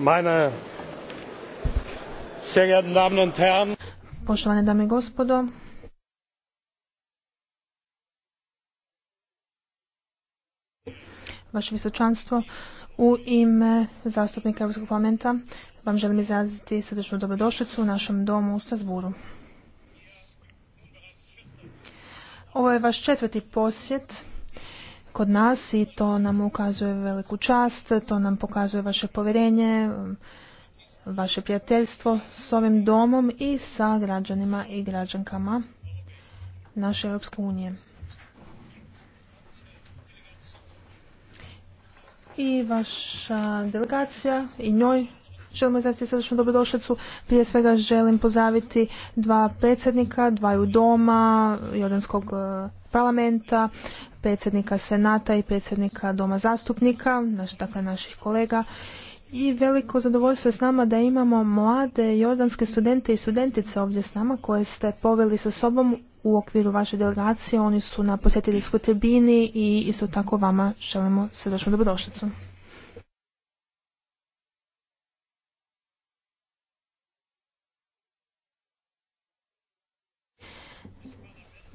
meine Poštovane dame i gospodo, Vaše visočanstvo, u ime zastupnika Europskog parlamenta vam želim izraziti srdečnu dobrodošlicu u našem domu u strasbourgu Ovo je vaš četvrti posjet kod nas i to nam ukazuje veliku čast, to nam pokazuje vaše povjerenje, vaše prijateljstvo s ovim domom i sa građanima i građankama naše Europske unije. I vaša delegacija i njoj Želimo izraziti srdečnu dobrodošlicu. Prije svega želim pozaviti dva predsjednika, dvaju doma, Jordanskog parlamenta, predsjednika senata i predsjednika doma zastupnika, naš, dakle naših kolega. I veliko zadovoljstvo je s nama da imamo mlade jordanske studente i studentice ovdje s nama koje ste poveli sa sobom u okviru vaše delegacije. Oni su na posjetiteljskoj tribini i isto tako vama želimo srdečnu dobrodošlicu.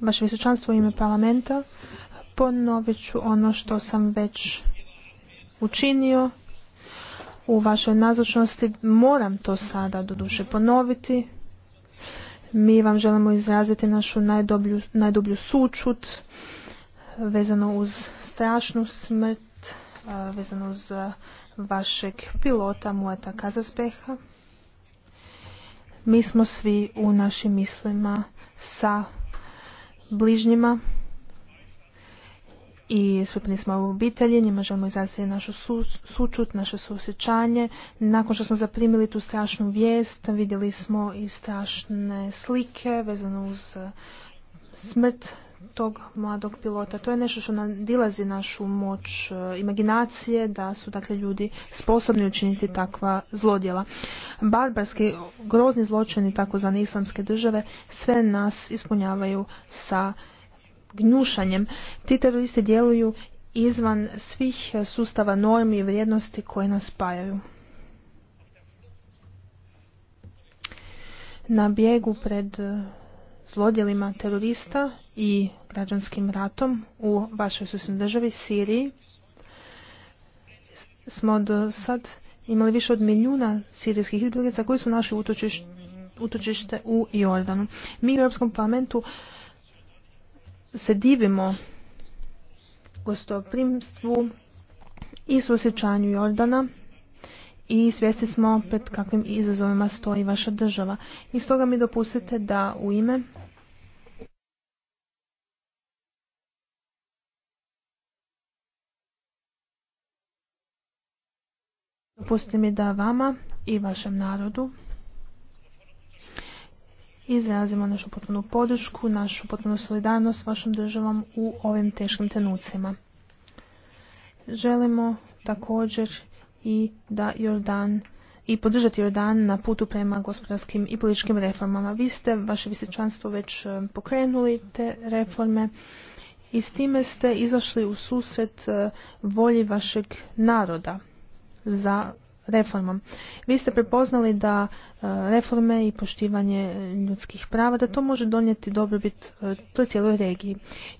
vaše visočanstvo u ime parlamenta, ponovit ću ono što sam već učinio u vašoj nazočnosti. Moram to sada doduše ponoviti. Mi vam želimo izraziti našu najdoblju, najdublju sučut vezano uz strašnu smrt, vezano uz vašeg pilota Mueta Kazaspeha. Mi smo svi u našim mislima sa bližnjima i skupni smo u obitelji, njima želimo izraziti našu su, sučut, naše susjećanje. Nakon što smo zaprimili tu strašnu vijest, vidjeli smo i strašne slike vezano uz e, smrt tog mladog pilota. To je nešto što nadilazi našu moć e, imaginacije, da su dakle ljudi sposobni učiniti takva zlodjela. Barbarski, grozni zločini takozvane islamske države sve nas ispunjavaju sa gnjušanjem. Ti teroristi djeluju izvan svih sustava normi i vrijednosti koje nas spajaju. Na bijegu pred zlodjelima terorista i građanskim ratom u vašoj susjednoj državi Siriji smo do sad imali više od milijuna sirijskih izbjeglica koji su naši utočište u Jordanu. Mi u Europskom parlamentu se divimo gostoprimstvu i suosjećanju Jordana i svjesni smo pred kakvim izazovima stoji vaša država. I stoga mi dopustite da u ime Dopustite mi da vama i vašem narodu izrazimo našu potpunu podršku, našu potpunu solidarnost s vašom državom u ovim teškim trenucima. Želimo također i da Jordan i podržati Jordan na putu prema gospodarskim i političkim reformama. Vi ste, vaše visječanstvo, već e, pokrenuli te reforme i s time ste izašli u susret e, volji vašeg naroda za reformom. Vi ste prepoznali da e, reforme i poštivanje ljudskih prava, da to može donijeti dobrobit toj cijeloj regiji.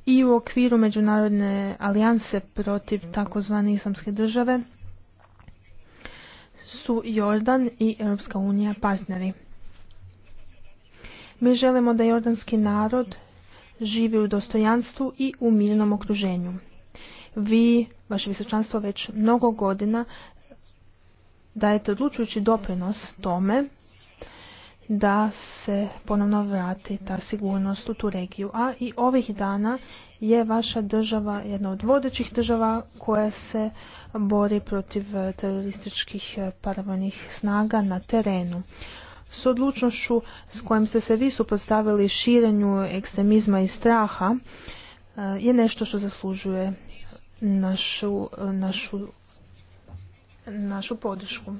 I u okviru Međunarodne alijanse protiv takozvane islamske države, su Jordan i Europska unija partneri. Mi želimo da jordanski narod živi u dostojanstvu i u mirnom okruženju. Vi, vaše visočanstvo, već mnogo godina dajete odlučujući doprinos tome da se ponovno vrati ta sigurnost u tu regiju. A i ovih dana je vaša država jedna od vodećih država koja se bori protiv eh, terorističkih eh, paravojnih snaga na terenu. S odlučnošću s kojom ste se vi suprotstavili širenju ekstremizma i straha eh, je nešto što zaslužuje našu, našu, našu podršku.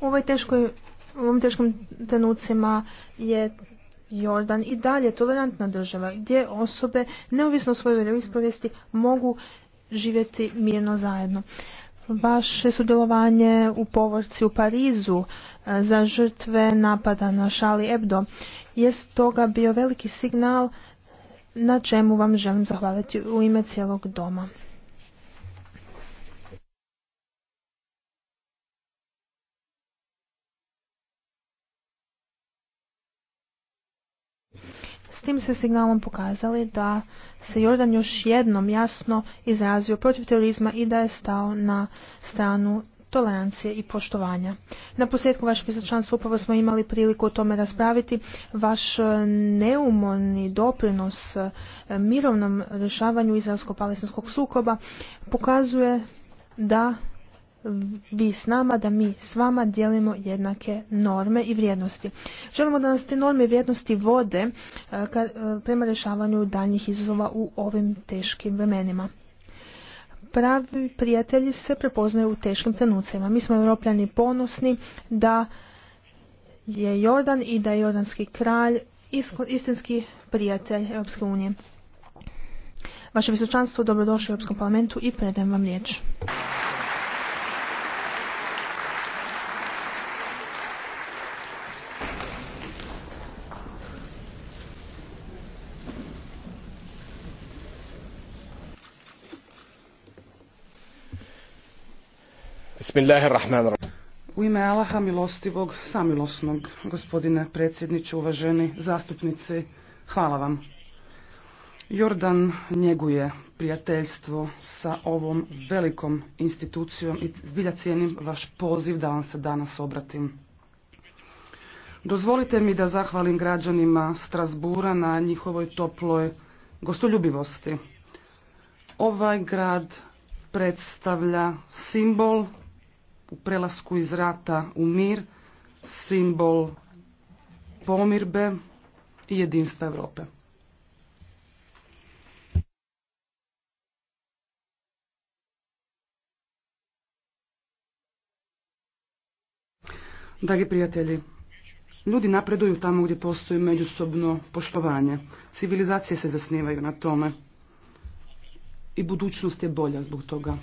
U ovoj teškoj u ovim teškim trenucima je Jordan i dalje tolerantna država gdje osobe neovisno o svojoj vjeroispovijesti mogu živjeti mirno zajedno. Vaše sudjelovanje u povorci u Parizu e, za žrtve napada na Šali Ebdo je toga bio veliki signal na čemu vam želim zahvaliti u ime cijelog doma. tim se signalom pokazali da se Jordan još jednom jasno izrazio protiv terorizma i da je stao na stranu tolerancije i poštovanja. Na posljedku vašeg izračanstva upravo smo imali priliku o tome raspraviti. Vaš e, neumorni doprinos e, mirovnom rješavanju izraelsko-palestinskog sukoba pokazuje da vi s nama, da mi s vama dijelimo jednake norme i vrijednosti. Želimo da nas te norme i vrijednosti vode e, e, prema rješavanju daljnjih izazova u ovim teškim vremenima. Pravi prijatelji se prepoznaju u teškim trenucima. Mi smo europljani ponosni da je Jordan i da je jordanski kralj istinski prijatelj Europske unije. Vaše visočanstvo, dobrodošli u Europskom parlamentu i predajem vam riječ. U ime Allaha milostivog, samilosnog, gospodine predsjedniče, uvaženi zastupnici, hvala vam. Jordan njeguje prijateljstvo sa ovom velikom institucijom i zbilja cijenim vaš poziv da vam se danas obratim. Dozvolite mi da zahvalim građanima Strasbura na njihovoj toploj gostoljubivosti. Ovaj grad predstavlja simbol u prelasku iz rata u mir, simbol pomirbe i jedinstva Europe. Dragi prijatelji, ljudi napreduju tamo gdje postoji međusobno poštovanje. Civilizacije se zasnivaju na tome. I budućnost je bolja zbog toga.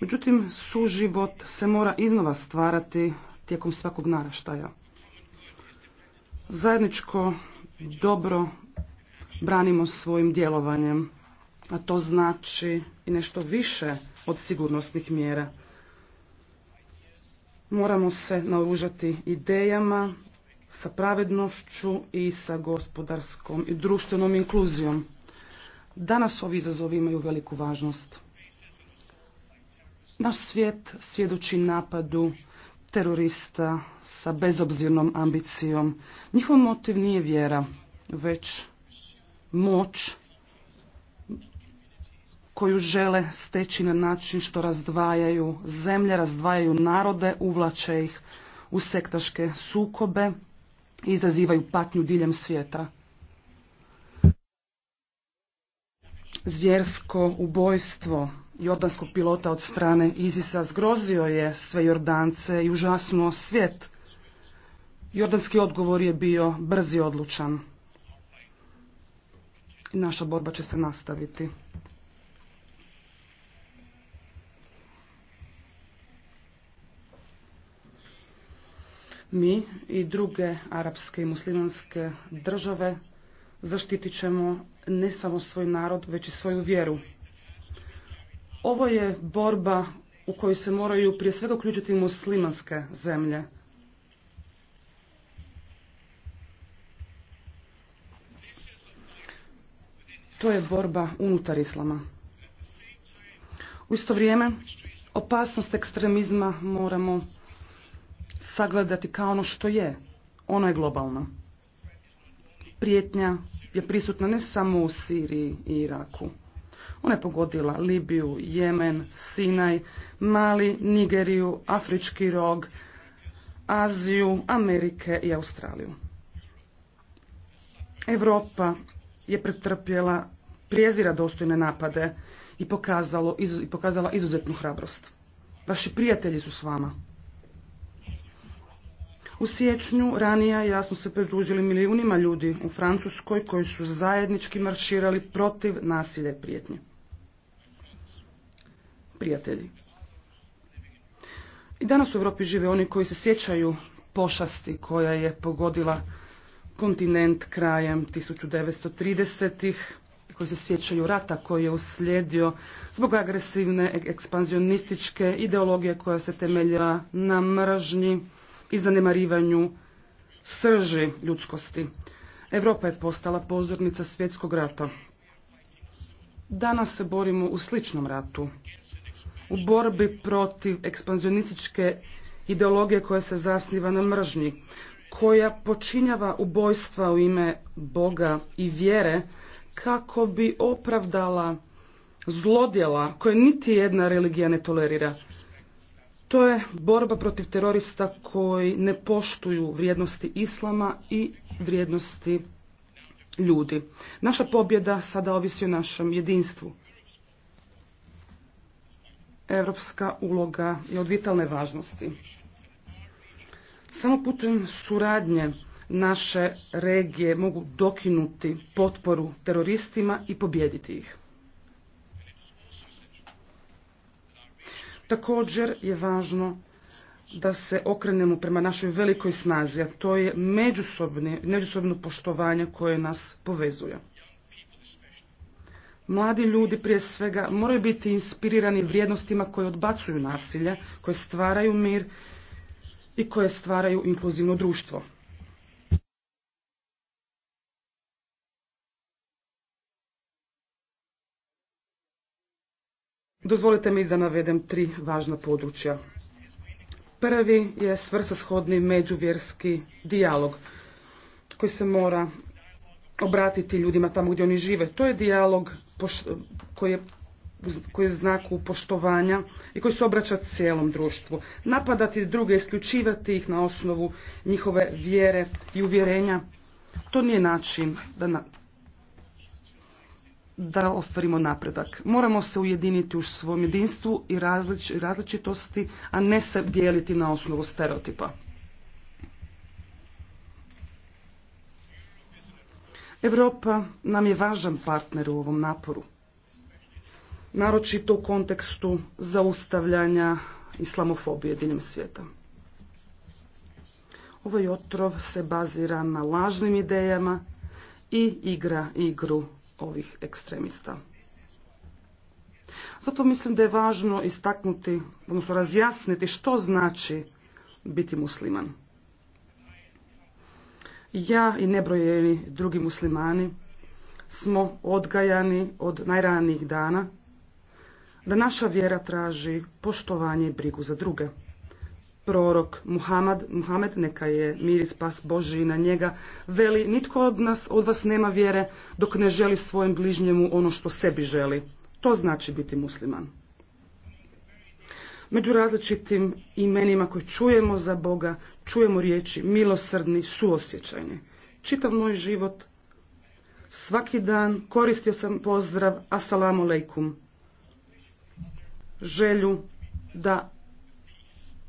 Međutim, suživot se mora iznova stvarati tijekom svakog naraštaja. Zajedničko dobro branimo svojim djelovanjem, a to znači i nešto više od sigurnosnih mjera. Moramo se naoružati idejama, sa pravednošću i sa gospodarskom i društvenom inkluzijom. Danas ovi izazovi imaju veliku važnost. Naš svijet svjedoči napadu terorista sa bezobzirnom ambicijom. Njihov motiv nije vjera, već moć koju žele steći na način što razdvajaju zemlje, razdvajaju narode, uvlače ih u sektaške sukobe i izazivaju patnju diljem svijeta. Zvjersko ubojstvo jordanskog pilota od strane Izisa zgrozio je sve Jordance i užasnuo svijet. Jordanski odgovor je bio brz i odlučan. I naša borba će se nastaviti. Mi i druge arapske i muslimanske države zaštitit ćemo ne samo svoj narod, već i svoju vjeru. Ovo je borba u kojoj se moraju prije svega uključiti muslimanske zemlje. To je borba unutar islama. U isto vrijeme opasnost ekstremizma moramo sagledati kao ono što je. Ono je globalno. Prijetnja je prisutna ne samo u Siriji i Iraku. Ona je pogodila Libiju, Jemen, Sinaj, Mali, Nigeriju, Afrički rog, Aziju, Amerike i Australiju. Europa je pretrpjela prijezira dostojne napade i, i pokazala izuzetnu hrabrost. Vaši prijatelji su s vama. U siječnju ranije jasno se pridružili milijunima ljudi u Francuskoj koji su zajednički marširali protiv nasilja i prijetnje. Prijatelji. I danas u Europi žive oni koji se sjećaju pošasti koja je pogodila kontinent krajem 1930-ih, koji se sjećaju rata koji je uslijedio zbog agresivne ekspanzionističke ideologije koja se temeljila na mržnji, i zanemarivanju srži ljudskosti. Europa je postala pozornica svjetskog rata. Danas se borimo u sličnom ratu. U borbi protiv ekspanzionističke ideologije koja se zasniva na mržnji, koja počinjava ubojstva u ime Boga i vjere kako bi opravdala zlodjela koje niti jedna religija ne tolerira. To je borba protiv terorista koji ne poštuju vrijednosti islama i vrijednosti ljudi. Naša pobjeda sada ovisi o našem jedinstvu. Evropska uloga je od vitalne važnosti. Samo putem suradnje naše regije mogu dokinuti potporu teroristima i pobijediti ih. Također je važno da se okrenemo prema našoj velikoj snazi, a to je međusobno poštovanje koje nas povezuje. Mladi ljudi prije svega moraju biti inspirirani vrijednostima koje odbacuju nasilje, koje stvaraju mir i koje stvaraju inkluzivno društvo. Dozvolite mi da navedem tri važna područja. Prvi je svrsashodni međuvjerski dijalog koji se mora obratiti ljudima tamo gdje oni žive. To je dijalog koji je koji je znaku poštovanja i koji se obraća cijelom društvu. Napadati druge, isključivati ih na osnovu njihove vjere i uvjerenja, to nije način da, na, da ostvarimo napredak. Moramo se ujediniti u svom jedinstvu i različitosti, a ne se dijeliti na osnovu stereotipa. Europa nam je važan partner u ovom naporu, naročito u kontekstu zaustavljanja islamofobije diljem svijeta. Ovaj otrov se bazira na lažnim idejama i igra igru ovih ekstremista. Zato mislim da je važno istaknuti, odnosno razjasniti što znači biti musliman. Ja i nebrojeni drugi muslimani smo odgajani od najranijih dana da naša vjera traži poštovanje i brigu za druge prorok Muhammad. neka je mir i spas Boži na njega, veli, nitko od nas, od vas nema vjere, dok ne želi svojem bližnjemu ono što sebi želi. To znači biti musliman. Među različitim imenima koje čujemo za Boga, čujemo riječi milosrdni, suosjećajni. Čitav moj život, svaki dan, koristio sam pozdrav, assalamu alaikum, želju da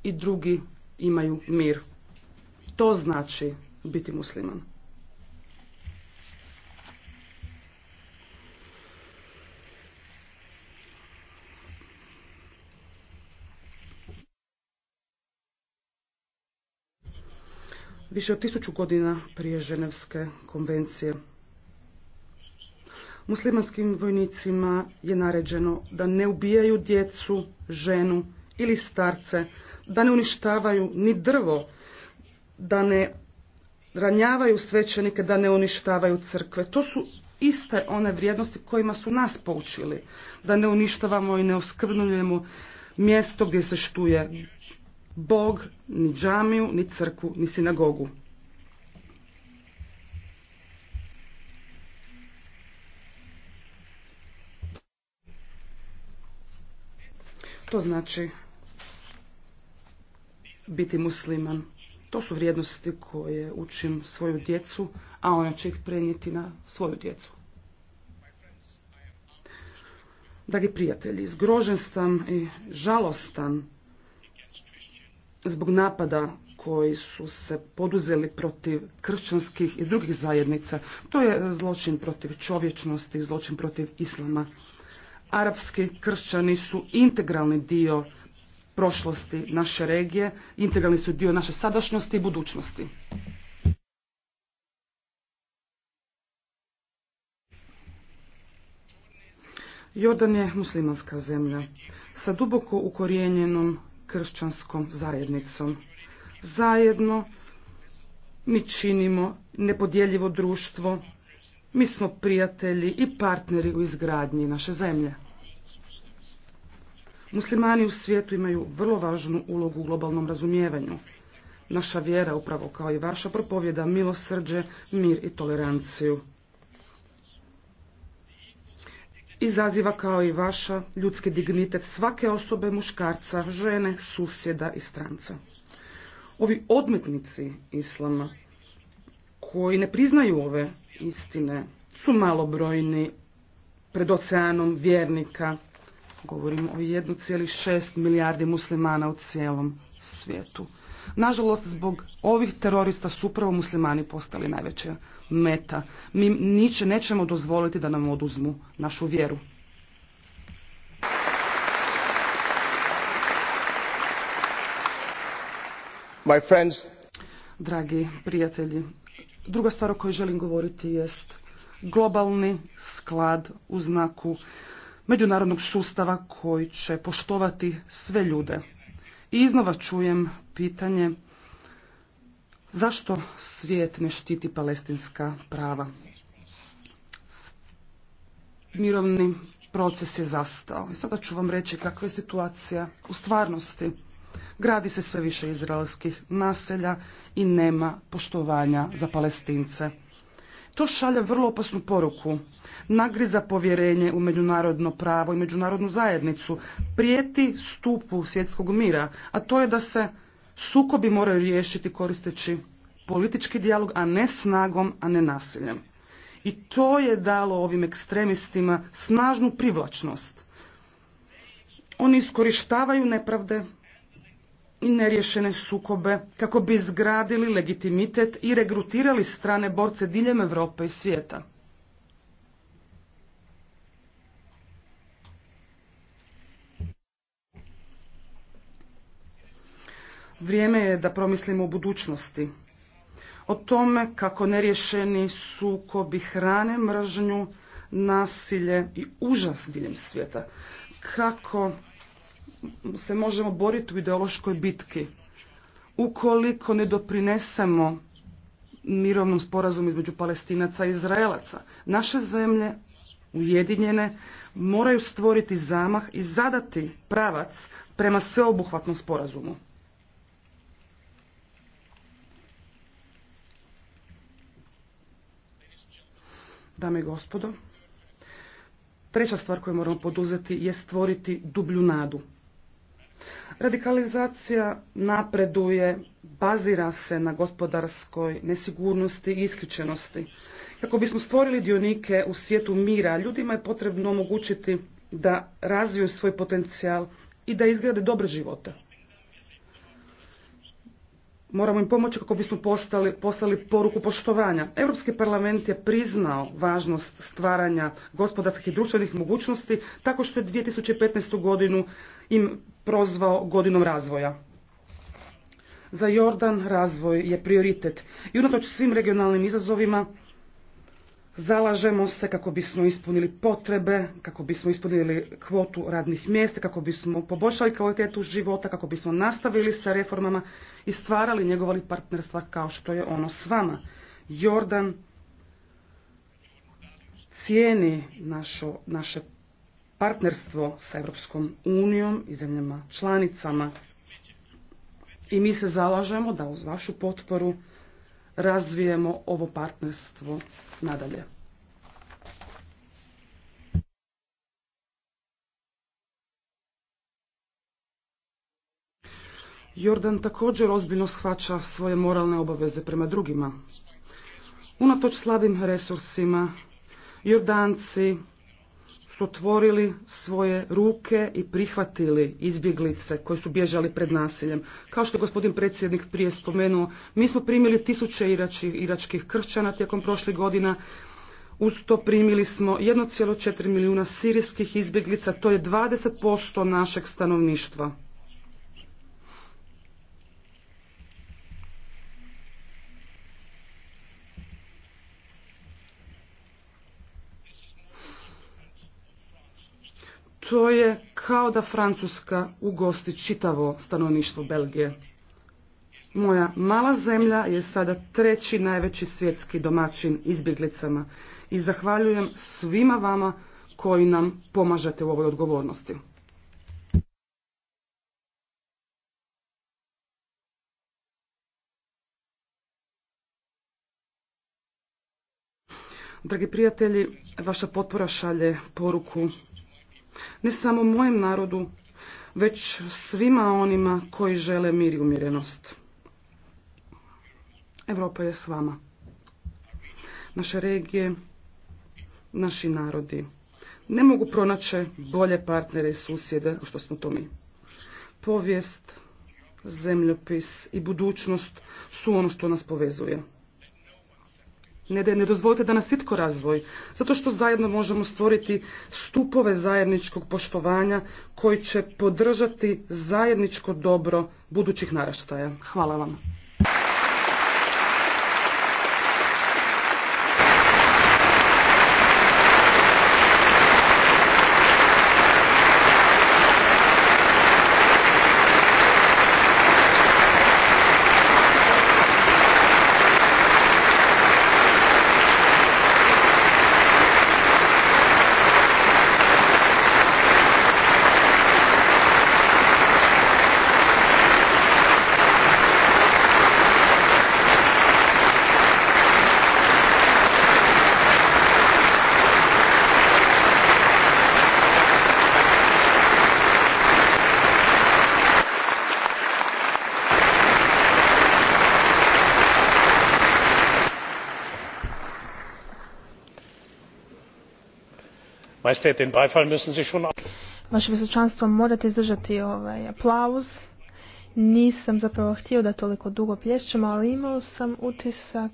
i drugi imaju mir. To znači biti musliman. Više od tisuću godina prije Ženevske konvencije muslimanskim vojnicima je naređeno da ne ubijaju djecu, ženu ili starce da ne uništavaju ni drvo, da ne ranjavaju svećenike, da ne uništavaju crkve. To su iste one vrijednosti kojima su nas poučili, da ne uništavamo i ne oskrbljujemo mjesto gdje se štuje Bog, ni džamiju, ni crku, ni sinagogu. To znači biti musliman. To su vrijednosti koje učim svoju djecu, a ona će ih prenijeti na svoju djecu. Dragi prijatelji, zgrožen sam i žalostan zbog napada koji su se poduzeli protiv kršćanskih i drugih zajednica. To je zločin protiv čovječnosti, zločin protiv islama. Arapski kršćani su integralni dio prošlosti naše regije, integralni su dio naše sadašnjosti i budućnosti. Jordan je muslimanska zemlja sa duboko ukorijenjenom kršćanskom zajednicom. Zajedno mi činimo nepodjeljivo društvo, mi smo prijatelji i partneri u izgradnji naše zemlje. Muslimani u svijetu imaju vrlo važnu ulogu u globalnom razumijevanju. Naša vjera, upravo kao i vaša, propovjeda milosrđe, mir i toleranciju. Izaziva kao i vaša ljudski dignitet svake osobe, muškarca, žene, susjeda i stranca. Ovi odmetnici islama koji ne priznaju ove istine su malobrojni pred oceanom vjernika Govorimo o 1,6 milijardi muslimana u cijelom svijetu. Nažalost, zbog ovih terorista su upravo muslimani postali najveća meta. Mi nećemo dozvoliti da nam oduzmu našu vjeru. My friends. Dragi prijatelji, druga stvar o kojoj želim govoriti jest globalni sklad u znaku međunarodnog sustava koji će poštovati sve ljude. I iznova čujem pitanje zašto svijet ne štiti palestinska prava. Mirovni proces je zastao. I sada ću vam reći kakva je situacija u stvarnosti. Gradi se sve više izraelskih naselja i nema poštovanja za palestince. To šalje vrlo opasnu poruku. Nagriza povjerenje u međunarodno pravo i međunarodnu zajednicu. Prijeti stupu svjetskog mira, a to je da se sukobi moraju riješiti koristeći politički dijalog, a ne snagom, a ne nasiljem. I to je dalo ovim ekstremistima snažnu privlačnost. Oni iskorištavaju nepravde, i nerješene sukobe kako bi izgradili legitimitet i regrutirali strane borce diljem Europe i svijeta. Vrijeme je da promislimo o budućnosti. O tome kako nerješeni sukobi hrane mržnju, nasilje i užas diljem svijeta. Kako se možemo boriti u ideološkoj bitki. Ukoliko ne doprinesemo mirovnom sporazumu između palestinaca i izraelaca, naše zemlje ujedinjene moraju stvoriti zamah i zadati pravac prema sveobuhvatnom sporazumu. Dame i gospodo, Treća stvar koju moramo poduzeti je stvoriti dublju nadu. Radikalizacija napreduje, bazira se na gospodarskoj nesigurnosti i isključenosti. Kako bismo stvorili dionike u svijetu mira, ljudima je potrebno omogućiti da razviju svoj potencijal i da izgrade dobre živote. Moramo im pomoći kako bismo postali, poslali poruku poštovanja. Europski parlament je priznao važnost stvaranja gospodarskih i društvenih mogućnosti tako što je 2015. godinu im prozvao godinom razvoja. Za Jordan razvoj je prioritet i unatoč svim regionalnim izazovima Zalažemo se kako bismo ispunili potrebe, kako bismo ispunili kvotu radnih mjesta, kako bismo poboljšali kvalitetu života, kako bismo nastavili sa reformama i stvarali njegovali partnerstva kao što je ono s vama. Jordan cijeni našo, naše partnerstvo sa Europskom unijom i zemljama članicama i mi se zalažemo da uz vašu potporu razvijemo ovo partnerstvo nadalje. Jordan također ozbiljno shvaća svoje moralne obaveze prema drugima. Unatoč slabim resursima, Jordanci su otvorili svoje ruke i prihvatili izbjeglice koji su bježali pred nasiljem. Kao što je gospodin predsjednik prije spomenuo, mi smo primili tisuće iračkih kršćana tijekom prošlih godina, uz to primili smo 1,4 milijuna sirijskih izbjeglica, to je 20% našeg stanovništva. To je kao da Francuska ugosti čitavo stanovništvo Belgije. Moja mala zemlja je sada treći najveći svjetski domaćin izbjeglicama i zahvaljujem svima vama koji nam pomažete u ovoj odgovornosti. Dragi prijatelji, vaša potpora šalje poruku ne samo mojem narodu, već svima onima koji žele mir i umirenost. Europa je s vama. Naše regije, naši narodi ne mogu pronaći bolje partnere i susjede, što smo to mi. Povijest, zemljopis i budućnost su ono što nas povezuje. Ne, ne dozvolite da nas itko razvoji, zato što zajedno možemo stvoriti stupove zajedničkog poštovanja koji će podržati zajedničko dobro budućih naraštaja. Hvala vam. den beifall müssen sie schon Vaše visočanstvo morate izdržati ovaj aplauz. Nisam zapravo htio da toliko dugo plješćem, ali imao sam utisak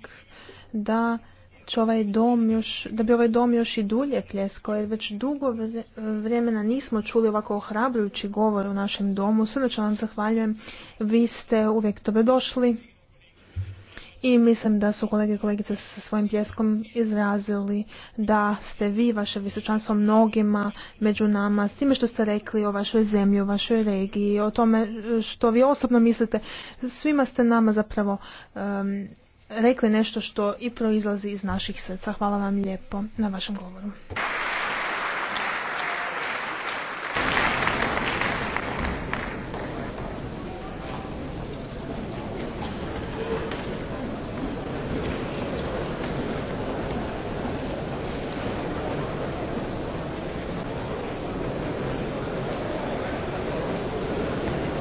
da će ovaj dom još, da bi ovaj dom još i dulje pljeskao, jer već dugo vremena nismo čuli ovako ohrabrujući govor u našem domu. Srdačno vam zahvaljujem. Vi ste uvijek došli i mislim da su kolege i kolegice sa svojim pjeskom izrazili da ste vi, vaše visočanstvo, mnogima među nama, s time što ste rekli o vašoj zemlji, o vašoj regiji, o tome e, što vi osobno mislite, svima ste nama zapravo rekli nešto što i proizlazi iz naših srca. Hvala vam lijepo na vašem govoru.